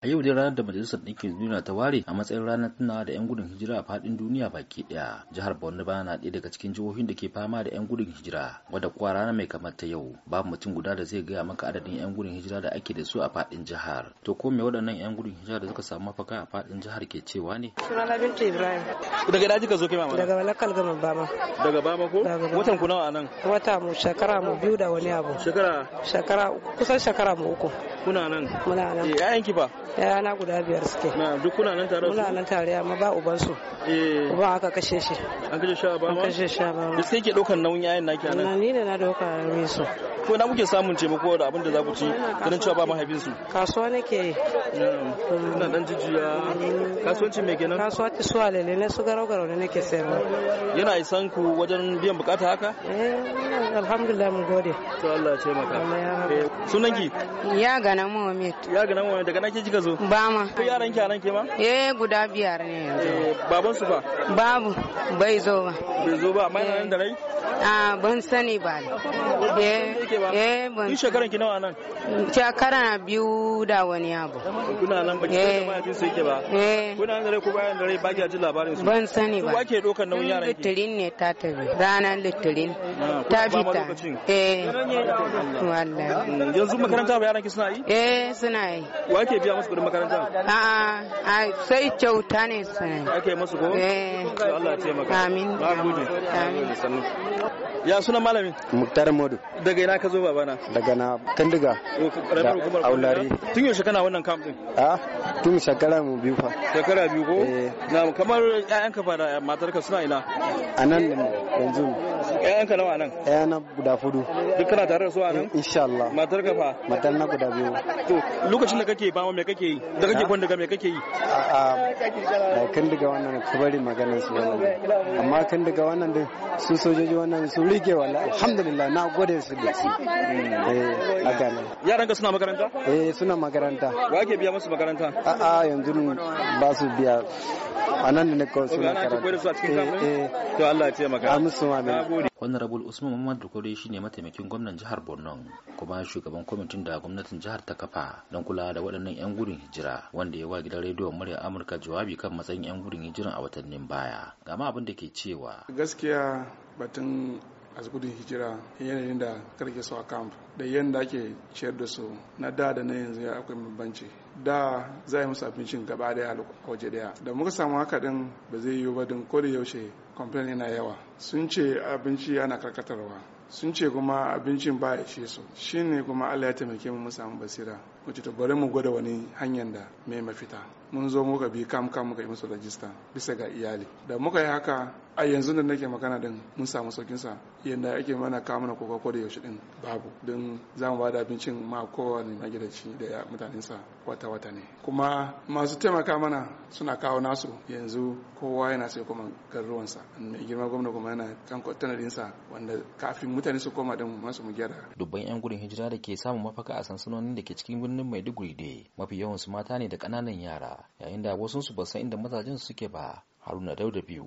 A yau dai ranar da Majalisar Ɗinkin Duniya ta ware a matsayin ranar tunawa da 'yan gudun hijira a faɗin duniya baki ɗaya. Jihar Borno ba na ɗaya daga cikin jihohin da ke fama da 'yan gudun hijira, wadda kuwa rana mai kamar ta yau. Babu mutum guda da zai gaya maka adadin 'yan gudun hijira da ake da su a faɗin jihar. To ko me waɗannan 'yan gudun hijira da suka samu mafaka a faɗin jihar ke cewa ne? Sunana Binta Ibrahim. Daga ina ka zo ke mama? Daga Walakal Gaman Bama. Daga Bama ko? Watan ku nawa anan? Wata mu shekara mu biyu da wani abu. Shekara? Shekara kusan shekara mu uku. kuna nan muna nan eh yayan ki fa na guda biyar suke na duk kuna nan tare muna nan tare amma ba uban su eh uban aka kashe shi an kashe shi a ba ma kashe shi a ba ma sai ke daukan nauyin yayan naki anan na ni ne na dauka nauyin su ko na muke samun taimako da abin da za ku ci ganin cewa ba mahaifin su kasuwa nake yi na dan jijiya mm. kasuwanci me kenan kasuwa ta suwa lele ne su garau garau ne nake sayarwa yana isan ku wajen biyan bukata haka eh alhamdulillah mun gode to Allah ya taimaka eh, sunan ki Ya gana Muhammad. Ya gana daga nake kika zo? Ba ma. Ko yaran ki ke ma? Eh guda biyar ne yanzu. Eh, baban su Babu bai zo ba. Bai zo ba amma yana da eh. rai? A ah, ban sani ba. Eh, eh ban. shekaran ki nawa nan? Shekara biyu da wani abu. Kuna nan ba ki su yake ba. Kuna nan da rai ko bayan da rai ba ki ji labarin su? Ban sani ba. Ku ake dokar nauyin yaran ki? Litirin ne ta tafi. Litirin. Ah, ta fita. Eh. Wallahi. Yanzu makaranta ba yaran ki suna yi eh suna yi wa ke biya musu kudin makaranta a'a sai kyauta ne suna yi ake musu ko eh Allah ya taimaka amin Ba gode amin ya suna malami? muktar modu daga ina ka zo babana daga na kandiga aulari tun yaushe kana wannan camp din a tun shekara mu biyu fa shekara biyu ko eh. na kamar ƴaƴanka fa da matarka suna ina anan yanzu ƴaƴanka nawa nan ƴaƴana guda fudu duk kana tare da su a nan insha Allah matar ka fa matar na guda biyu to lokacin da kake ba me kake yi da kake kwandaga me kake yi a a kan daga wannan ka bari maganar su wannan amma kan daga wannan din su sojoji wannan su rike wallahi alhamdulillah na gode su da su hmm. eh a gane yaran ka suna makaranta eh suna makaranta wa ke biya musu makaranta a a yanzu ba su biya a nan ne kawai suna karatu eh, eh. to Allah ya amsu honorable Usman Muhammad Dukure shine mataimakin gwamnan jihar Borno kuma shugaban kwamitin da gwamnatin jihar ta kafa don kula da waɗannan 'yan gurin hijira wanda ya wa gidan rediyon murya Amurka jawabi kan matsayin 'yan gudun hijira a watannin baya gama abin da ke cewa gaskiya batun a gudun hijira yanayin da karke su a camp da yadda ake ciyar da su na da da na yanzu ya akwai bambanci da za a yi musu abincin gaba daya a waje daya da muka samu haka din ba zai yiwu ba din ko da yaushe kwamfani na yawa sun ce abinci ana karkatarwa sun ce kuma abincin ba ya ishe su ne kuma Allah ya taimake mu mu samu basira Wacce ta bari mu gwada wani hanyar da mai mafita mun zo muka bi kam kam muka yi musu rajista bisa ga iyali da muka yi haka a yanzu da nake magana din mun samu saukin sa yanda ake mana kawo mana koko ko da yaushe din babu don za mu bada abincin ma kowane magidanci da mutanen sa wata wata ne kuma masu taimaka mana suna kawo nasu yanzu kowa yana sai kuma garuruwansa mai girma gwamna kuma yana kan tanadin sa wanda kafin mutane su koma din masu mu gyara dubban yan gudun hijira da ke samun mafaka a sansanonin da ke cikin birnin Maiduguri da mafi yawan su mata ne da kananan yara yayin da wasu su ba san inda mazajen suke ba Haruna Dauda biyu